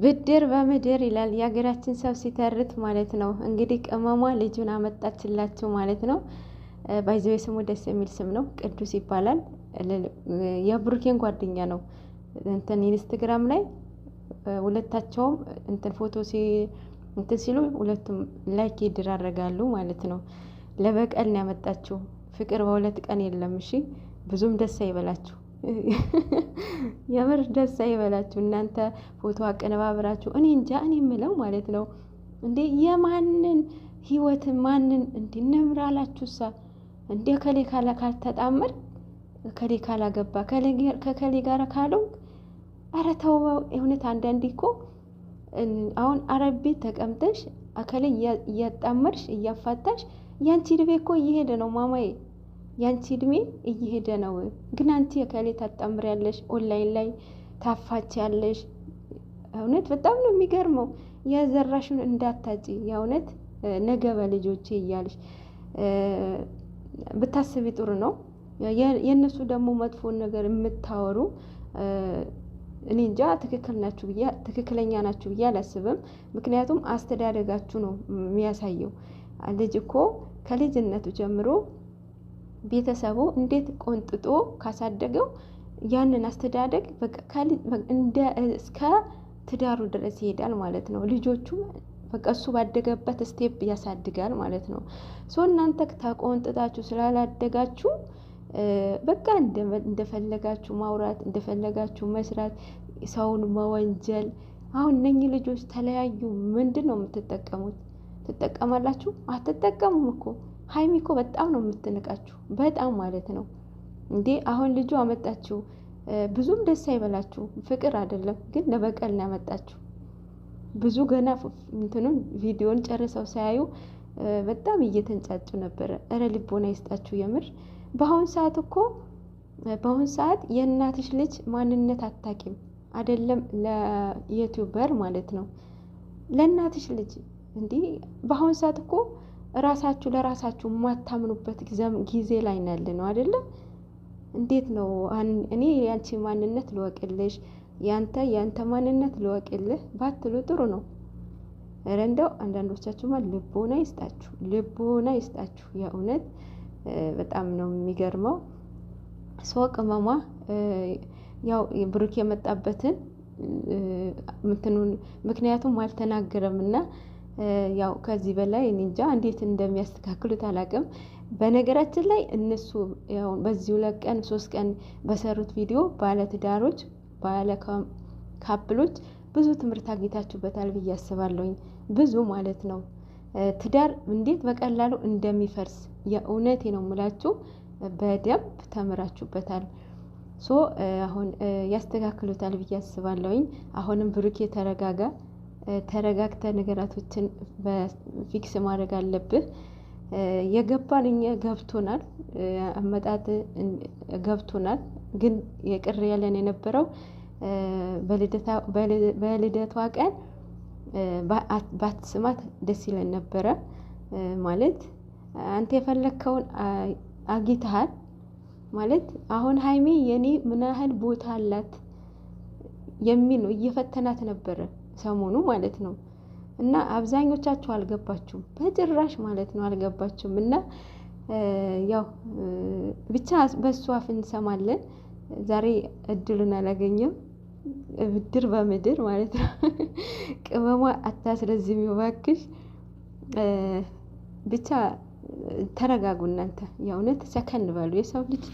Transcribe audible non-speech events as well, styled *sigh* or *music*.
ብድር በምድር ይላል የሀገራችን ሰው ሲተርት ማለት ነው። እንግዲህ ቅመሟ ልጁን አመጣችላችሁ ማለት ነው። ባይዘው ስሙ ደስ የሚል ስም ነው፣ ቅዱስ ይባላል። የብሩኬን ጓደኛ ነው። እንትን ኢንስትግራም ላይ ሁለታቸውም እንትን ፎቶ እንትን ሲሉ ሁለቱም ላይክ ይደራረጋሉ ማለት ነው። ለበቀል ነው ያመጣችሁ። ፍቅር በሁለት ቀን የለም። እሺ ብዙም ደስ አይበላችሁ። *laughs* የምር ደስ አይበላችሁ እናንተ ፎቶ አቀነባብራችሁ። እኔ እንጃ እኔ የምለው ማለት ነው እንዴ የማንን ህይወት ማንን እንድንምር ሳ እንዴ ከሌ ካልተጣመር ከሌ ካላገባ ከከሌ ጋር ካለው ኧረ ተው እውነት። አንዳንዴ እኮ አሁን አረብ ቤት ተቀምጠሽ አከሌ እያጣመርሽ እያፋታሽ ያንቺ ልቤ እኮ እየሄደ ነው ማማዬ ያንቺ እድሜ እየሄደ ነው፣ ግን አንቺ የከሌ ያለሽ ኦንላይን ላይ ታፋች ያለሽ። እውነት በጣም ነው የሚገርመው። የዘራሽን እንዳታጪ የእውነት ነገ በልጆቼ እያልሽ ብታስቢ ጥሩ ነው። የእነሱ ደግሞ መጥፎን ነገር የምታወሩ እኔ እንጃ ትክክል ናችሁ ብዬ ትክክለኛ ናችሁ ብዬ አላስብም። ምክንያቱም አስተዳደጋችሁ ነው የሚያሳየው። ልጅ እኮ ከልጅነቱ ጀምሮ ቤተሰቡ እንዴት ቆንጥጦ ካሳደገው ያንን አስተዳደግ እስከ ትዳሩ ድረስ ይሄዳል ማለት ነው። ልጆቹ በቃ እሱ ባደገበት ስቴፕ ያሳድጋል ማለት ነው። ሶ እናንተ ተቆንጥጣችሁ ስላላደጋችሁ በቃ እንደፈለጋችሁ ማውራት፣ እንደፈለጋችሁ መስራት፣ ሰውን መወንጀል። አሁን እነኚህ ልጆች ተለያዩ፣ ምንድን ነው የምትጠቀሙት? ትጠቀማላችሁ? አትጠቀሙም እኮ ሀይሚ እኮ በጣም ነው የምትንቃችሁ፣ በጣም ማለት ነው እንዴ። አሁን ልጁ አመጣችሁ፣ ብዙም ደስ አይበላችሁ። ፍቅር አይደለም ግን ለበቀል ነው ያመጣችሁ። ብዙ ገና እንትኑን ቪዲዮን ጨርሰው ሳያዩ በጣም እየተንጫጩ ነበረ። እረ ልቦና ይስጣችሁ የምር። በአሁን ሰዓት እኮ በአሁን ሰዓት የእናትሽ ልጅ ማንነት አታቂም አይደለም ለዩቲዩበር ማለት ነው ለእናትሽ ልጅ እንዲህ በአሁን ሰዓት እኮ ራሳችሁ ለራሳችሁ የማታምኑበት ጊዜ ላይ ያለ ነው አይደለ? እንዴት ነው እኔ ያንቺ ማንነት ልወቅልሽ፣ ያንተ ያንተ ማንነት ልወቅልህ ባትሉ ጥሩ ነው። እረ እንደው አንዳንዶቻችሁማ ልቦና ይስጣችሁ፣ ልቦና ይስጣችሁ። የእውነት በጣም ነው የሚገርመው። ሰው ቅመሟ ያው ብሩክ የመጣበትን ምክንያቱም አልተናገረም እና ያው ከዚህ በላይ እንጃ እንዴት እንደሚያስተካክሉት አላውቅም። በነገራችን ላይ እነሱ ያው በዚህ ሁለት ቀን ሶስት ቀን በሰሩት ቪዲዮ ባለ ትዳሮች ባለ ካፕሎች ብዙ ትምህርት አግኝታችሁበታል ብዬ አስባለሁኝ። ብዙ ማለት ነው ትዳር እንዴት በቀላሉ እንደሚፈርስ የእውነቴ ነው የምላችሁ፣ በደንብ ተምራችሁበታል። ሶ አሁን ያስተካክሉታል ብዬ አስባለሁኝ። አሁንም ብሩኬ ተረጋጋ። ተረጋግተ ነገራቶችን በፊክስ ማድረግ አለብህ። የገባን እኛ ገብቶናል፣ አመጣት ገብቶናል። ግን የቅር ያለን የነበረው በልደቷ ቀን ባትስማት ደስ ይለን ነበረ። ማለት አንተ የፈለግከውን አግኝተሃል ማለት አሁን ሀይሜ የኔ ምን ያህል ቦታ አላት የሚል ነው እየፈተናት ነበረ። ሰሞኑ ማለት ነው። እና አብዛኞቻችሁ አልገባችሁም፣ በጭራሽ ማለት ነው አልገባችሁም። እና ያው ብቻ በሱ አፍ እንሰማለን። ዛሬ እድሉን አላገኘም። ብድር በምድር ማለት ነው። *laughs* ቅመሟ አታስረዝም ይባክሽ። ብቻ ተረጋጉ እናንተ የእውነት ሰከን በሉ የሰው ልጅ